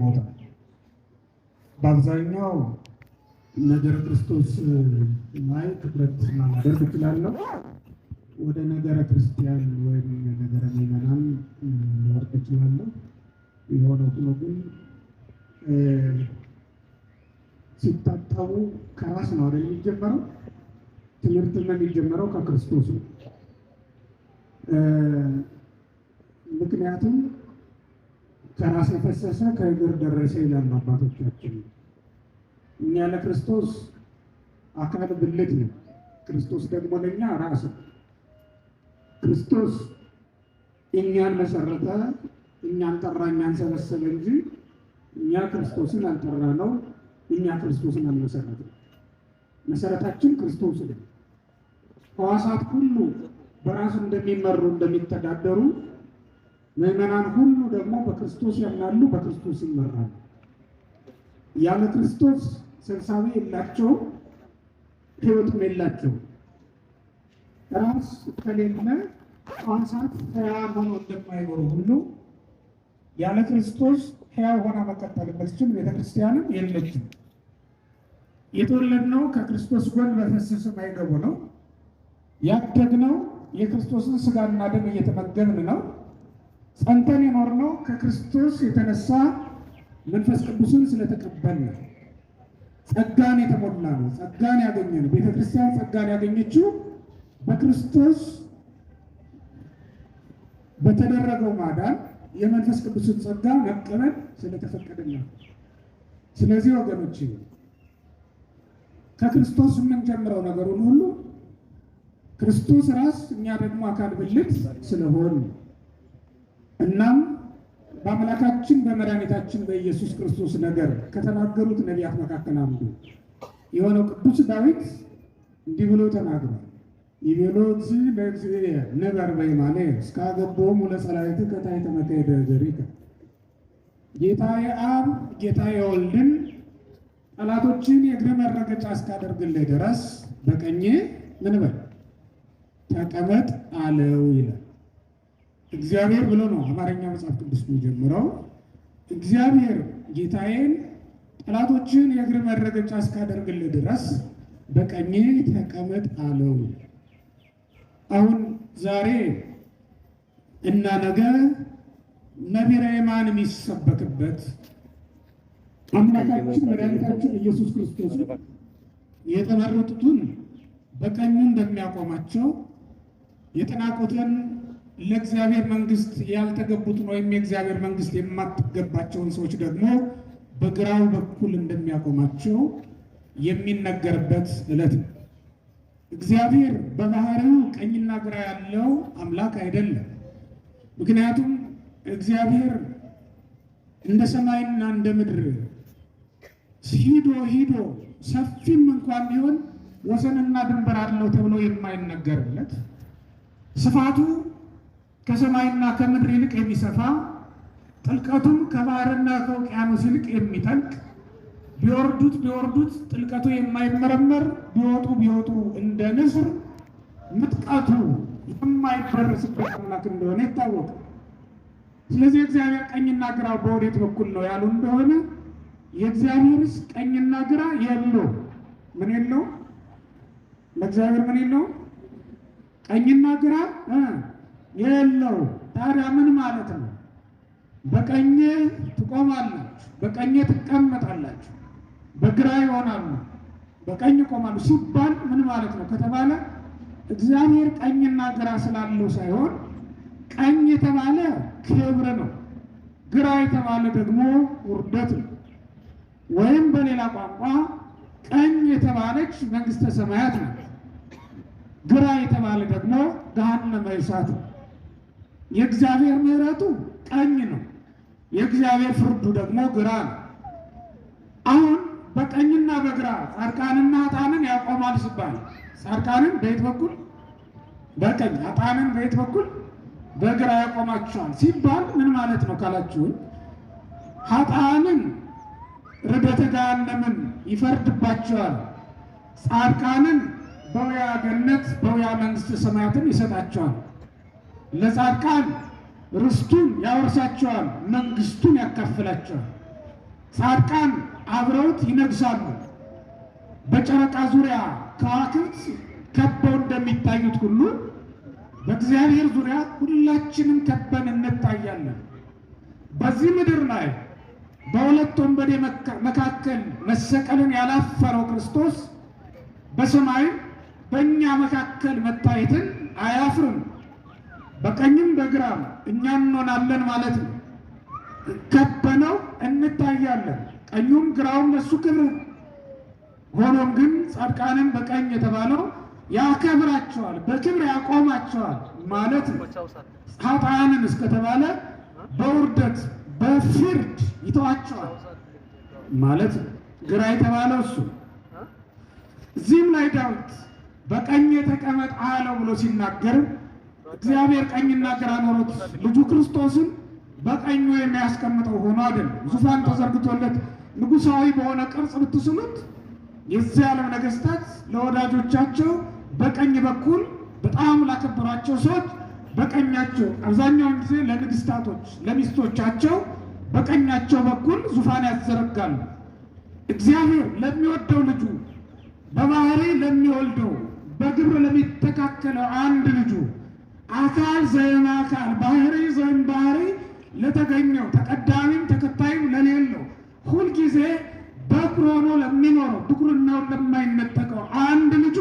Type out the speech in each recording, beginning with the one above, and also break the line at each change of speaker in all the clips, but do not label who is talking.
ቦታ በአብዛኛው ነገረ ክርስቶስ ላይ ትኩረት ማድረግ እችላለሁ። ወደ ነገረ ክርስቲያን ወይም ነገረ ምዕመናን ወርቅ እችላለሁ። የሆነ ሆኖ ግን ሲታጠቡ ከራስ ነው አይደል የሚጀመረው? ትምህርት ነው የሚጀመረው ከክርስቶስ። ምክንያቱም ከራስ የፈሰሰ ከእግር ደረሰ ይላሉ አባቶቻችን። እኛ ለክርስቶስ አካል ብልት ነው፣ ክርስቶስ ደግሞ ለእኛ ራስ ነው። ክርስቶስ እኛን መሰረተ፣ እኛን ጠራ፣ እኛን ሰበሰበ እንጂ እኛ ክርስቶስን አልጠራ ነው፣ እኛ ክርስቶስን አልመሰረት ነው። መሰረታችን ክርስቶስ ነው። ህዋሳት ሁሉ በራሱ እንደሚመሩ እንደሚተዳደሩ ምእመናን ሁሉ ደግሞ በክርስቶስ ያምናሉ፣ በክርስቶስ ይመራሉ። ያለ ክርስቶስ ሰብሳቢ የላቸው ሕይወትም የላቸው ራስ ከሌለ ሕዋሳት ሕያው ሆኖ እንደማይኖሩ ሁሉ ያለ ክርስቶስ ሕያው ሆና መቀጠል የምትችል ቤተክርስቲያንም የለችም። የተወለድነው ከክርስቶስ ጎን በፈሰሰ ማይገቡ ነው። ያደግነው የክርስቶስን ስጋና ደም እየተመገብን ነው። ጸንተን የኖርነው ከክርስቶስ የተነሳ መንፈስ ቅዱስን ስለተቀበል ነው። ጸጋን የተሞላ ነው። ጸጋን ያገኘ ነው። ቤተክርስቲያን ጸጋን ያገኘችው በክርስቶስ በተደረገው ማዳን የመንፈስ ቅዱስን ጸጋ መቀበል ስለተፈቀደላት። ስለዚህ ወገኖች ከክርስቶስ የምንጀምረው ነገሩን ሁሉ ክርስቶስ ራስ፣ እኛ ደግሞ አካል ብልት ስለሆን። እናም በአምላካችን በመድኃኒታችን በኢየሱስ ክርስቶስ ነገር ከተናገሩት ነቢያት መካከል አንዱ የሆነው ቅዱስ ዳዊት እንዲህ ብሎ ተናግሯል። ይቤሎት ለእግዚአብሔር ንበር በይማኔ እስካገቦም ለጸላዊት ከታ የተመካሄደ ዘሪከ ጌታ የአብ ጌታ የወልድን ጠላቶችን የእግረ መረገጫ እስካደርግልህ ድረስ በቀኜ ምን በል ተቀመጥ አለው ይላል። እግዚአብሔር ብሎ ነው አማርኛ መጽሐፍ ቅዱስ የሚጀምረው። እግዚአብሔር ጌታዬን ጠላቶችን የእግር መረገጫ እስካደርግልህ ድረስ በቀኜ ተቀመጥ አለው። አሁን ዛሬ እና ነገ ነቢረ ማን የሚሰበክበት አምላካችን መድኃኒታችን ኢየሱስ ክርስቶስ የተመረጡትን በቀኙ እንደሚያቆማቸው የተናቁትን ለእግዚአብሔር መንግስት ያልተገቡትን ወይም የእግዚአብሔር መንግስት የማትገባቸውን ሰዎች ደግሞ በግራው በኩል እንደሚያቆማቸው የሚነገርበት ዕለት ነው። እግዚአብሔር በባህሪው ቀኝና ግራ ያለው አምላክ አይደለም። ምክንያቱም እግዚአብሔር እንደ ሰማይና እንደ ምድር ሂዶ ሂዶ ሰፊም እንኳን ቢሆን ወሰንና ድንበር አለው ተብሎ የማይነገርለት ስፋቱ ከሰማይና ከምድር ይልቅ የሚሰፋ ጥልቀቱም ከባህርና ከውቅያኖስ ይልቅ የሚጠልቅ ቢወርዱት ቢወርዱት ጥልቀቱ የማይመረመር ቢወጡ ቢወጡ እንደ ንስር ምጥቀቱ የማይደርስበት አምላክ እንደሆነ ይታወቃል። ስለዚህ እግዚአብሔር ቀኝና ግራ በወዴት በኩል ነው ያሉ እንደሆነ የእግዚአብሔርስ ቀኝና ግራ የለው። ምን የለው? ለእግዚአብሔር ምን የለው? ቀኝና ግራ የለው። ታዲያ ምን ማለት ነው? በቀኝ ትቆማላችሁ፣ በቀኝ ትቀመጣላችሁ፣ በግራ ይሆናሉ፣ በቀኝ ይቆማሉ ሲባል ምን ማለት ነው ከተባለ እግዚአብሔር ቀኝና ግራ ስላለው ሳይሆን ቀኝ የተባለ ክብር ነው፣ ግራ የተባለ ደግሞ ውርደት ነው። ወይም በሌላ ቋንቋ ቀኝ የተባለች መንግስተ ሰማያት ናት፣ ግራ የተባለ ደግሞ ገሃነመ እሳት ነው። የእግዚአብሔር ምሕረቱ ቀኝ ነው፣ የእግዚአብሔር ፍርዱ ደግሞ ግራ ነው። አሁን በቀኝና በግራ ጻድቃንና ኃጥአንን ያቆማል ሲባል ጻድቃንን በየት በኩል? በቀኝ ኃጥአንን በየት በኩል? በግራ ያቆማቸዋል ሲባል ምን ማለት ነው ካላችሁን፣ ኃጥአንን ርደተ ገሃነምን ይፈርድባቸዋል፣ ጻድቃንን በውያ ገነት በውያ መንግሥተ ሰማያትን ይሰጣቸዋል። ለጻድቃን ርስቱን ያወርሳቸዋል፣ መንግስቱን ያካፍላቸዋል። ጻድቃን አብረውት ይነግሳሉ። በጨረቃ ዙሪያ ከዋክብት ከበው እንደሚታዩት ሁሉ በእግዚአብሔር ዙሪያ ሁላችንም ከበን እንታያለን። በዚህ ምድር ላይ በሁለት ወንበዴ መካከል መሰቀልን ያላፈረው ክርስቶስ በሰማይ በእኛ መካከል መታየትን አያፍርም። በቀኝም በግራም እኛ እንሆናለን ማለት ነው። ከበነው እንታያለን። ቀኙም ግራውም ለሱ ክብር። ሆኖም ግን ጻድቃንን በቀኝ የተባለው ያከብራቸዋል፣ በክብር ያቆማቸዋል ማለት ነው። ኃጥአንን እስከተባለ በውርደት በፍርድ ይተዋቸዋል ማለት ነው። ግራ የተባለው እሱ እዚህም ላይ ዳዊት በቀኝ የተቀመጥ አለው ብሎ ሲናገርም እግዚአብሔር ቀኝና ግራ ኖሮት ልጁ ክርስቶስን በቀኙ የሚያስቀምጠው ሆኖ አይደል? ዙፋን ተዘርግቶለት ንጉሳዊ በሆነ ቅርጽ ብትስሉት የዚህ ዓለም ነገስታት ለወዳጆቻቸው በቀኝ በኩል በጣም ላከበራቸው ሰዎች በቀኛቸው አብዛኛውን ጊዜ ለንግስታቶች ለሚስቶቻቸው በቀኛቸው በኩል ዙፋን ያዘረጋሉ። እግዚአብሔር ለሚወደው ልጁ በባህሪ ለሚወልደው በግብር ለሚተካከለው አንድ ልጁ አካል ዘና አካል ባህሪ ዘይም ባህሪ ለተገኘው ተቀዳሚም ተከታይም ለሌለው ሁልጊዜ በኩር ሆኖ ለሚኖረው ብኩርናውን ለማይነጠቀው አንድ ልጁ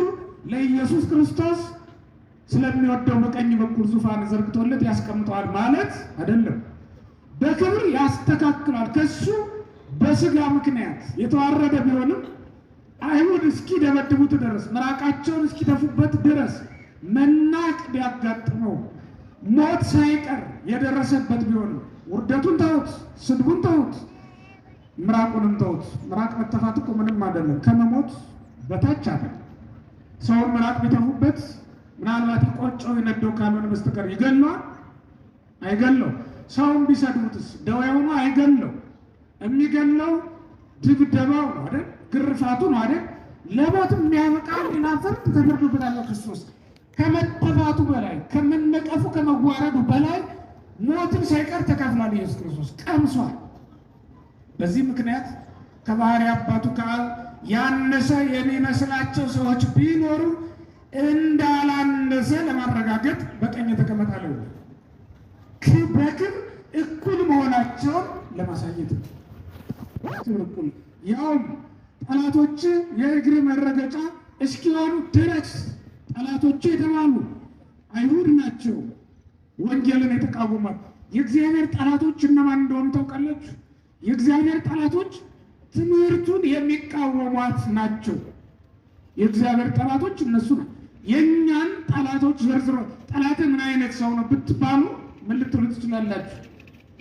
ለኢየሱስ ክርስቶስ ስለሚወደው በቀኝ በኩል ዙፋን ዘርግቶለት ያስቀምጠዋል ማለት አይደለም። በክብር ያስተካክሏል። ከሱ በስጋ ምክንያት የተዋረደ ቢሆንም አይሁድ እስኪ ደበድቡት ድረስ ምራቃቸውን እስኪተፉበት ድረስ መናቅ ቢያጋጥመው ሞት ሳይቀር የደረሰበት ቢሆን ውርደቱን ተውት፣ ስድቡን ተውት፣ ምራቁንም ተውት። ምራቅ መተፋት እኮ ምንም አይደለም፣ ከመሞት በታች አለ። ሰውን ምራቅ ቢተፉበት ምናልባት ቆጮው ይነደው ካልሆነ በስተቀር ይገለዋል? አይገለው። ሰውን ቢሰድቡትስ ደዌው ነው አይገለው። የሚገለው ድብደባው ነው አይደል? ግርፋቱ ነው አይደል? ለሞት የሚያበቃ ምናፍር ተደርጎበታል ክርስቶስ ከመተፋቱ በላይ ከመነቀፉ ከመዋረዱ በላይ ሞትን ሳይቀር ተካፍሏል። ኢየሱስ ክርስቶስ ቀምሷል። በዚህ ምክንያት ከባህሪ አባቱ ከአብ ያነሰ የሚመስላቸው ሰዎች ቢኖሩ እንዳላነሰ ለማረጋገጥ በቀኝ ተቀመጣለሁ በክብር እኩል መሆናቸውን ለማሳየት ያውም ጠላቶች የእግር መረገጫ እስኪሆኑ ድረስ ጠላቶቹ የተባሉ አይሁድ ናቸው። ወንጌልን የተቃወሟት የእግዚአብሔር ጠላቶች እነማን እንደሆኑ ታውቃላችሁ? የእግዚአብሔር ጠላቶች ትምህርቱን የሚቃወሟት ናቸው። የእግዚአብሔር ጠላቶች እነሱ ነው። የእኛን ጠላቶች ዘርዝሮ ጠላት ምን አይነት ሰው ነው ብትባሉ ምን ልትሉ ትችላላችሁ?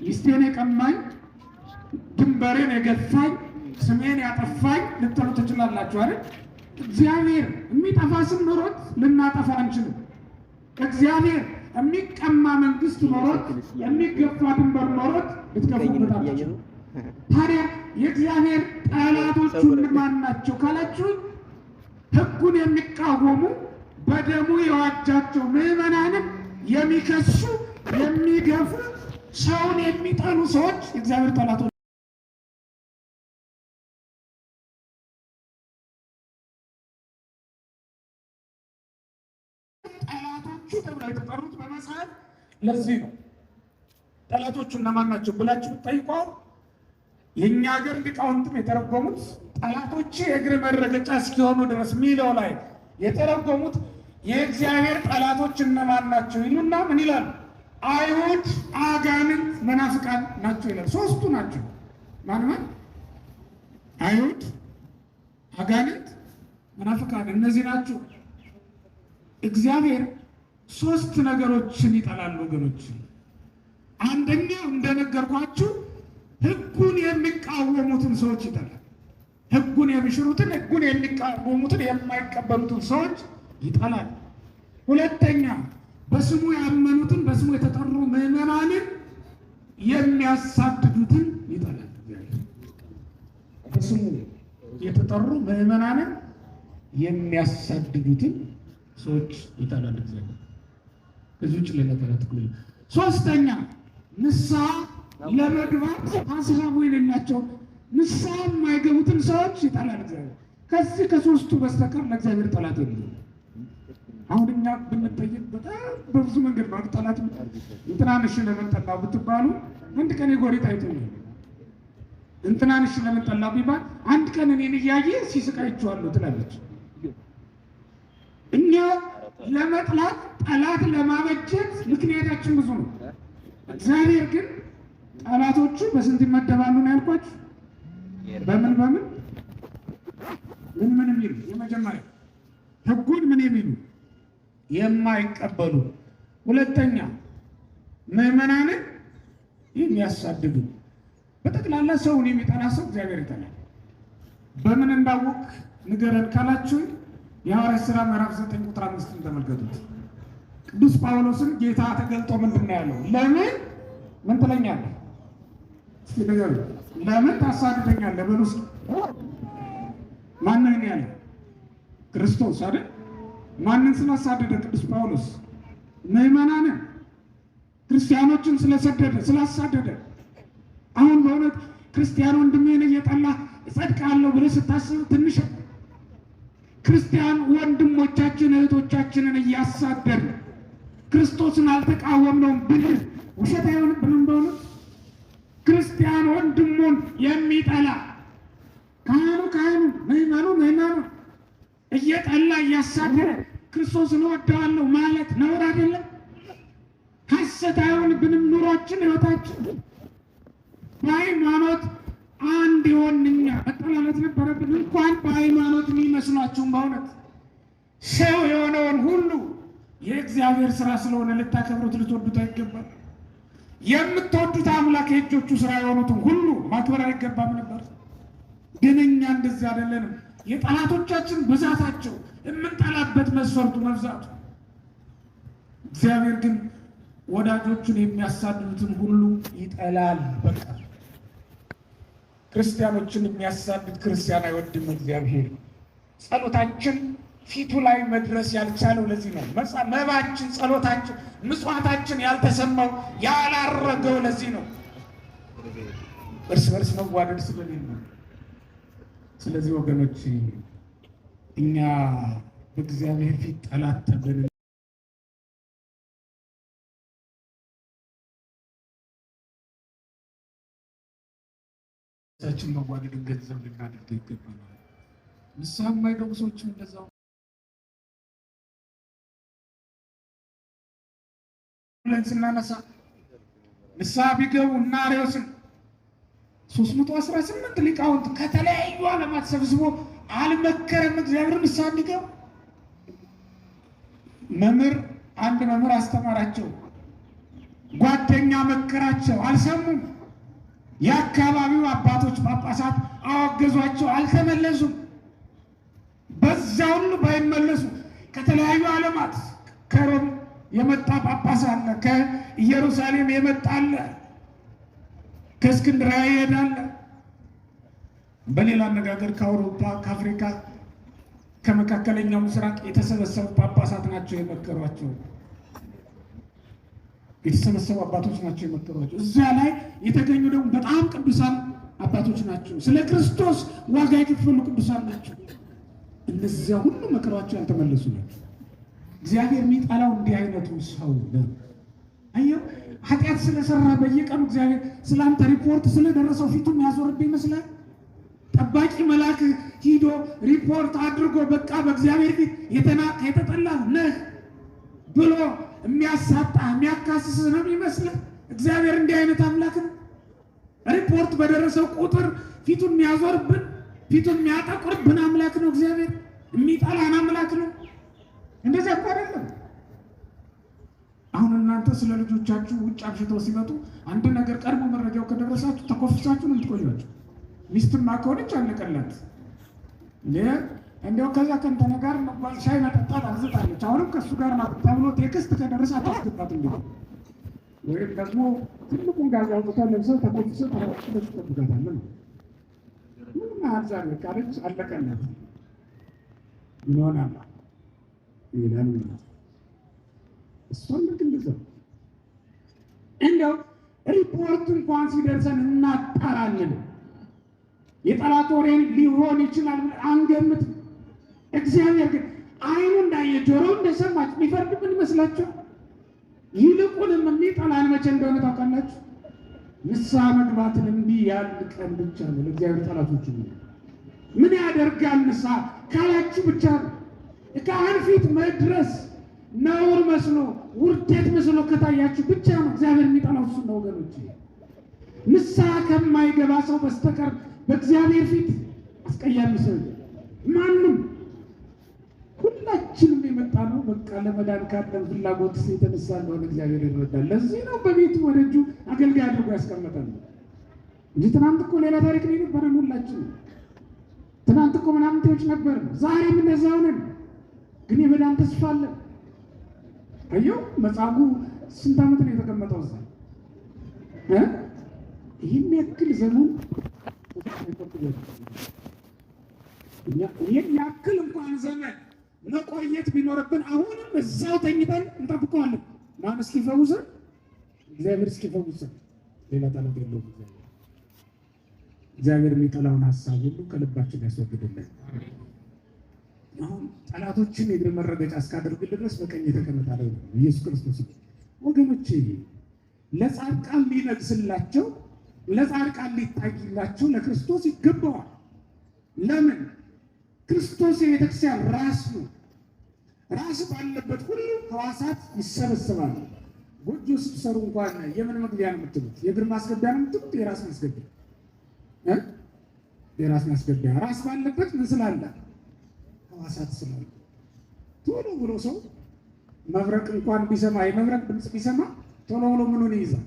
ሊስቴን የቀማኝ፣ ድንበሬን የገፋኝ፣ ስሜን ያጠፋኝ ልትሉ ትችላላችሁ አይደል? እግዚአብሔር የሚጠፋ ስም ኖሮት ልናጠፋ አንችልም። እግዚአብሔር የሚቀማ መንግስት ኖሮት የሚገፋ ድንበር ኖሮት ልትገፉበታላችሁ። ታዲያ የእግዚአብሔር ጠላቶቹ እነማን ናቸው ካላችሁ ህጉን የሚቃወሙ በደሙ የዋጃቸው ምዕመናንም የሚከሱ የሚገፉ ሰውን የሚጠሉ ሰዎች የእግዚአብሔር ጠላቶች ናችሁ ተብለው የተጠሩት በመጽሐፍ ለዚህ ነው። ጠላቶቹ እነማን ናቸው ብላችሁ ጠይቋው። የእኛ ሀገር ሊቃውንትም የተረጎሙት ጠላቶች የእግር መረገጫ እስኪሆኑ ድረስ ሚለው ላይ የተረጎሙት የእግዚአብሔር ጠላቶች እነማን ናቸው ይሉና ምን ይላሉ? አይሁድ፣ አጋንንት፣ መናፍቃን ናቸው ይላል። ሶስቱ ናቸው። ማንማን አይሁድ፣ አጋንንት፣ መናፍቃን እነዚህ ናቸው እግዚአብሔር ሶስት ነገሮችን ይጠላሉ ወገኖች። አንደኛው እንደነገርኳችሁ ህጉን የሚቃወሙትን ሰዎች ይጠላል። ህጉን የሚሽሩትን፣ ህጉን የሚቃወሙትን፣ የማይቀበሉትን ሰዎች ይጠላል። ሁለተኛ በስሙ ያመኑትን፣ በስሙ የተጠሩ ምዕመናንን የሚያሳድዱትን ይጠላል። በስሙ የተጠሩ ምዕመናንን የሚያሳድዱትን ሰዎች ይጠላል። እዚህ ውጭ ሌላ ተረት ሶስተኛ ንስሐ ለመግባት ሀሳቡ የሌላቸው ንስሐ የማይገቡትን ሰዎች ይጠላል እግዚአብሔር። ከዚህ ከሶስቱ በስተቀር ለእግዚአብሔር ጠላት የለ። አሁን እኛ ብንጠይቅ በጣም በብዙ መንገድ ባሉ ጠላት እንትናንሽ ለመንጠላ ብትባሉ አንድ ቀን የጎሪ አይቶ እንትናንሽ ለመንጠላ ቢባል አንድ ቀን እኔን እያየ ሲስቃይችዋለሁ ትላለች እኛ ለመጥላት ጠላት ለማበጀት ምክንያታችን ብዙ ነው። እግዚአብሔር ግን ጠላቶቹ በስንት ይመደባሉ ነው ያልኳችሁ? በምን በምን ምን ምን የሚሉ የመጀመሪያ ህጉን ምን የሚሉ የማይቀበሉ፣ ሁለተኛ ምዕመናንን የሚያሳድዱ። በጠቅላላ ሰውን የሚጠላ ሰው እግዚአብሔር ይጠላል። በምን እንዳወቅ ንገረን ካላችሁኝ የሐዋርያት ሥራ ምዕራፍ 9 ቁጥር 5ን ተመልከቱት። ቅዱስ ጳውሎስን ጌታ ተገልጦ ምንድን ነው ያለው? ለምን ምን ትለኛለህ? እስኪ ነገር ለምን ታሳድደኛለህ? በሉ እስኪ ማንን ያለ ክርስቶስ አይደል? ማንን ስላሳደደ ቅዱስ ጳውሎስ? ምዕመናንን ክርስቲያኖችን ስለሰደደ ስላሳደደ። አሁን በእውነት ክርስቲያን ወንድሜን እየጠላ እጸድቃለሁ ብለህ ስታስብ ትንሽ ክርስቲያን ወንድሞቻችን እህቶቻችንን እያሳደር ክርስቶስን አልተቃወምነውም ብንል ውሸት አይሆንም ብን እንደሆነ ክርስቲያን ወንድሙን የሚጠላ ካህኑ ካህኑ ምዕመኑ ምዕመኑ እየጠላ እያሳደረ ክርስቶስን እወደዋለሁ ማለት ነውር አይደለም። ሐሰት አይሆንብንም። ኑሯችን ህይወታችን በሃይማኖት አንድ የሆን እኛ መጠላለት ነበረብን። እንኳን በሃይማኖት የሚመስሏችሁም በእውነት ሰው የሆነውን ሁሉ የእግዚአብሔር ስራ ስለሆነ ልታከብሩት ልትወዱት አይገባል። የምትወዱት አምላክ የእጆቹ ስራ የሆኑትን ሁሉ ማክበር አይገባም ነበር። ግን እኛ እንደዚህ አይደለንም። የጠላቶቻችን ብዛታቸው የምንጠላበት መስፈርቱ መብዛቱ። እግዚአብሔር ግን ወዳጆቹን የሚያሳድዱትን ሁሉ ይጠላል። በቃ ክርስቲያኖችን የሚያሳድድ ክርስቲያን አይወድም እግዚአብሔር። ጸሎታችን ፊቱ ላይ መድረስ ያልቻለው ለዚህ ነው። መባችን፣ ጸሎታችን፣ ምጽዋታችን ያልተሰማው ያላረገው ለዚህ ነው። እርስ በርስ መዋደድ ስለሌለ ነው። ስለዚህ ወገኖች እኛ በእግዚአብሔር ፊት ጠላት ተብለን እሳችን መዋደድን ገንዘብ ልናደርገው ይገባናል። ንስሐ የማይገቡ ሰዎችም እንደዛው ብለን ስናነሳ ንስሐ ቢገቡ እና አርዮስን ሶስት መቶ አስራ ስምንት ሊቃውንት ከተለያዩ ዓለማት ሰብስቦ አልመከረም እግዚአብሔር ንስሐ እንዲገቡ። መምህር አንድ መምህር አስተማራቸው፣ ጓደኛ መከራቸው፣ አልሰሙም። የአካባቢው አባቶች ጳጳሳት አወገዟቸው፣ አልተመለሱም። በዛ ሁሉ ባይመለሱ ከተለያዩ ዓለማት ከሮም የመጣ ጳጳስ አለ፣ ከኢየሩሳሌም የመጣ አለ፣ ከእስክንድርያ ይሄዳለ። በሌላ አነጋገር ከአውሮፓ ከአፍሪካ፣ ከመካከለኛው ምስራቅ የተሰበሰቡ ጳጳሳት ናቸው የመከሯቸው። የተሰበሰቡ አባቶች ናቸው የመከሯቸው። እዚያ ላይ የተገኙ ደግሞ በጣም ቅዱሳን አባቶች ናቸው። ስለ ክርስቶስ ዋጋ የከፈሉ ቅዱሳን ናቸው። እነዚያ ሁሉ መከሯቸው ያልተመለሱ ናቸው። እግዚአብሔር የሚጠላው እንዲህ አይነቱ ሰው ነው። አየው ኃጢአት ስለሰራ በየቀኑ እግዚአብሔር ስለ አንተ ሪፖርት ስለደረሰው ፊቱ የሚያዞርብህ ይመስላል። ጠባቂ መልአክ ሂዶ ሪፖርት አድርጎ በቃ በእግዚአብሔር ፊት የተጠላ ነህ ብሎ የሚያሳጣ የሚያካስስ ነው ይመስላል። እግዚአብሔር እንዲህ አይነት አምላክ ነው። ሪፖርት በደረሰው ቁጥር ፊቱን የሚያዞርብን ፊቱን የሚያጠቁርብን አምላክ ነው። እግዚአብሔር የሚጠላን አምላክ ነው። እንደዚያ እኮ አይደለም። አሁን እናንተ ስለ ልጆቻችሁ ውጭ አምሽተው ሲመጡ አንድ ነገር ቀድሞ መረጃው ከደረሳችሁ ተኮፍሳችሁ ነው የምትቆያችሁ። ሚስትማ ከሆነች አለቀላት እንዲያው ከዛ ከእንተነ ጋር ሻይ መጠጣት አብዝታለች። አሁንም ከእሱ ጋር ናት ተብሎ ቴክስት ከደረሰ አታስገባት እንዲ ወይም ደግሞ ትልቁን ጋዝ አውጥታ ለብሰ ተቆልሰ ተረቅበት ነው። ምንም አዛ ቃለች አለቀለት ይሆናል ይላል። እሷን ልክ እንደዛ እንዲያው ሪፖርት እንኳን ሲደርሰን እናጣራለን። የጠላት ወሬን ሊሆን ይችላል አንገምት እግዚአብሔር ግን አይኑ እንዳየ ጆሮ እንደሰማች የሚፈርድብን ይመስላችኋል? ይልቁንም የሚጠላን መቼ እንደሆነ ታውቃላችሁ? ንስሐ መግባትን እምቢ ያን ቀን ብቻ ነው ለእግዚአብሔር ጠላቶች ምን ያደርጋል? ንስሐ ካላችሁ ብቻ ነው ካህን ፊት መድረስ ነውር መስሎ ውርደት መስሎ ከታያችሁ ብቻ ነው እግዚአብሔር የሚጠላው እሱ ነው ወገኖች። ንስሐ ከማይገባ ሰው በስተቀር በእግዚአብሔር ፊት አስቀያሚ ሰው ማንም ሁላችንም የመጣ ነው በቃ ለመዳን ካለን ፍላጎት የተነሳ እንደሆነ እግዚአብሔር ይረዳል። ለዚህ ነው በቤቱ ወደ እጁ አገልጋይ አድርጎ ያስቀመጠን ነው እንጂ ትናንት እኮ ሌላ ታሪክ ነው የነበረን። ሁላችንም ትናንት እኮ ምናምንቴዎች ነበርን፣ ዛሬም እንደዚያው ነን። ግን የመዳን ተስፋ አለን። አየው መጽሐፉ ስንት ዓመት ነው የተቀመጠው እዛ ይህን ያክል ዘመን ይህን ያክል እንኳን ዘመን መቆየት ቢኖርብን አሁንም እዛው ተኝተን እንጠብቀዋለን። ማን እስኪፈውሰን? እግዚአብሔር እስኪፈውሰን። ሌላ ጠላት የለውም። እግዚአብሔር እግዚአብሔር የሚጠላውን ሀሳብ ሁሉ ከልባችን ያስወግድልን። አሁን ጠላቶችን የእግር መረገጫ እስካደርግል ድረስ በቀኝ የተቀመጠ አለ ኢየሱስ ክርስቶስ። ወገኖች ለጻድቃን ሊነግስላቸው፣ ለጻድቃን ሊታይላቸው ለክርስቶስ ይገባዋል። ለምን ክርስቶስ የቤተክርስቲያን ራስ ነው። ራስ ባለበት ሁሉ ሕዋሳት ይሰበሰባሉ። ጎጆ ስብሰሩ እንኳን የምን መግቢያ ነው የምትሉት? የእግር ማስገቢያ ነው የምትሉት? የራስ ማስገቢያ የራስ ማስገቢያ። ራስ ባለበት ምን ስላለ? ሕዋሳት ቶሎ ብሎ ሰው መብረቅ እንኳን ቢሰማ የመብረቅ ድምፅ ቢሰማ ቶሎ ብሎ ምኑን ይይዛል?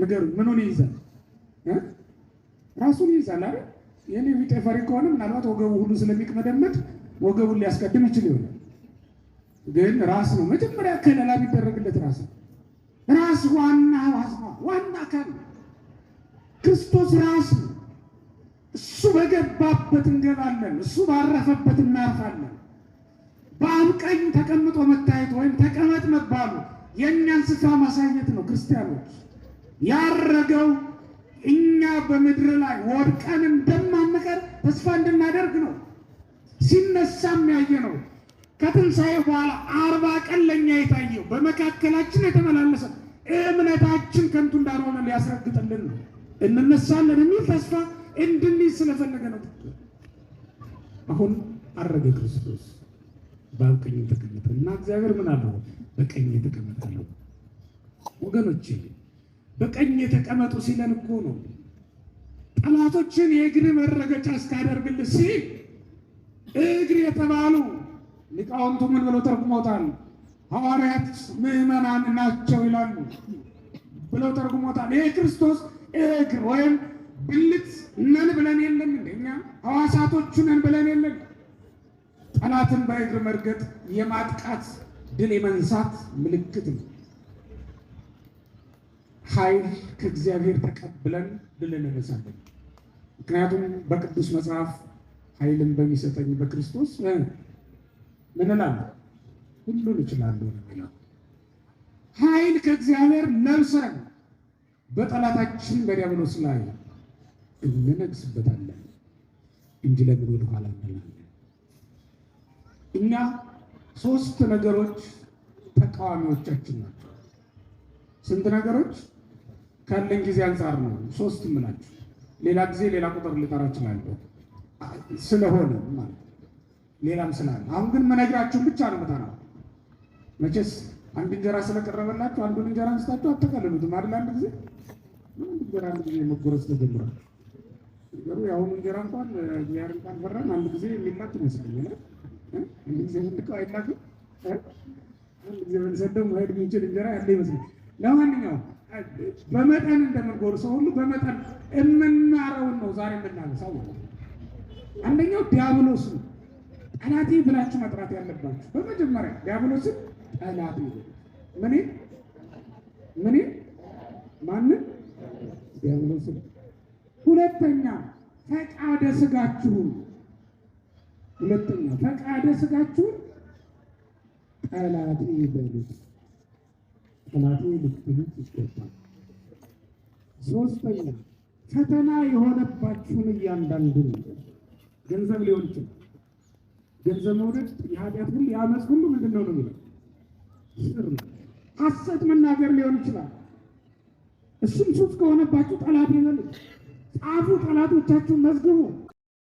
ንገሩ፣ ምኑን ይይዛል? ራሱን ይይዛል አይደል? ይህን የሚጠፈሪ ከሆነ ምናልባት ወገቡ ሁሉ ስለሚቅመደመድ ወገቡን ሊያስቀድም ይችል ይሆናል። ግን ራስ ነው መጀመሪያ ከለላ ቢደረግለት ራስ ነው። ራስ ዋና ዋና አካል ነው። ክርስቶስ ራስ ነው። እሱ በገባበት እንገባለን፣ እሱ ባረፈበት እናርፋለን። በአብ ቀኝ ተቀምጦ መታየት ወይም ተቀመጥ መባሉ የእኛን ስፍራ ማሳየት ነው። ክርስቲያኖች ያረገው እኛ በምድር ላይ ወድቀን እንደማንቀር ተስፋ እንድናደርግ ነው። ሲነሳም ያየ ነው። ከትንሣኤ በኋላ አርባ ቀን ለእኛ የታየው በመካከላችን የተመላለሰ እምነታችን ከንቱ እንዳልሆነ ሊያስረግጥልን ነው። እንነሳለን የሚል ተስፋ እንድንይዝ ስለፈለገ ነው። አሁን አረገ ክርስቶስ በአብ ቀኝ ተቀመጠ እና እግዚአብሔር ምን አለው? በቀኝ የተቀመጠ ነው ወገኖቼ በቀኝ የተቀመጡ ሲለን እኮ ነው። ጠላቶችን የእግር መረገጫ እስካደርግል ሲል እግር የተባሉ ሊቃውንቱ ምን ብሎ ተርጉሞታል? ሐዋርያት ምዕመናን ናቸው ይላሉ ብለው ተርጉሞታል። ይህ ክርስቶስ እግር ወይም ብልት ነን ብለን የለም እንደኛ ሐዋሳቶቹ ነን ብለን የለም። ጠላትን በእግር መርገጥ የማጥቃት ድል የመንሳት ምልክት ነው። ኃይል ከእግዚአብሔር ተቀብለን ብለን እንመሳለን። ምክንያቱም በቅዱስ መጽሐፍ ኃይልን በሚሰጠኝ በክርስቶስ ምን እላለሁ ሁሉን እችላለሁ ነው። ኃይል ከእግዚአብሔር ለብሰን በጠላታችን በዲያብሎስ ላይ እንነግስበታለን እንጂ ለምን ኋላ እንላለን? እኛ ሶስት ነገሮች ተቃዋሚዎቻችን ናቸው። ስንት ነገሮች ካለን ጊዜ አንጻር ነው። ሶስት ምናችሁ ሌላ ጊዜ ሌላ ቁጥር ልጠራ እችላለሁ ስለሆነ ማለት ሌላም ስላለ አሁን ግን መነግራችሁን ብቻ ነው ምታና መቼስ አንድ እንጀራ ስለቀረበላችሁ አንዱን እንጀራ አንስታችሁ አትጠቀልሉትም አይደል? አንድ ጊዜ አንድ እንጀራ አንድ ጊዜ መጎረስ ተጀምሯል። ነገሩ የአሁኑ እንጀራ እንኳን እግዚአብሔር እንኳን በራን አንድ ጊዜ የሚላክ ይመስለኛል። አንድ ጊዜ ፍንድቀው አይላክም። አንድ ጊዜ ምንሰደው መሄድ የሚችል እንጀራ ያለ ይመስላል። ለማንኛውም በመጠን እንደምንጎርሰው ሁሉ በመጠን የምናረውን ነው ዛሬ የምናነሳው አንደኛው ዲያብሎስ ነው። ጠላቴ ብላችሁ መጥራት ያለባችሁ በመጀመሪያ ዲያብሎስን ጠላቴ ምን ምን ማንን ዲያብሎስን። ሁለተኛ ፈቃደ ስጋችሁን ሁለተኛ ፈቃደ ስጋችሁን ጠላቴ በሉት ጥላቴ ልትሉት ይገባል። ሶስተኛ ፈተና የሆነባችሁን እያንዳንዱን ገንዘብ ሊሆን ይችላል። ገንዘብ መውደድ የኃጢአት ሁሉ የአመፅ ሁሉ ምንድን ነው ነው የሚለው ስር ነው። ሐሰት መናገር ሊሆን ይችላል። እሱም ሱስ ከሆነባችሁ ጠላት ይበል ጻፉ፣ ጠላቶቻችሁን መዝግቡ።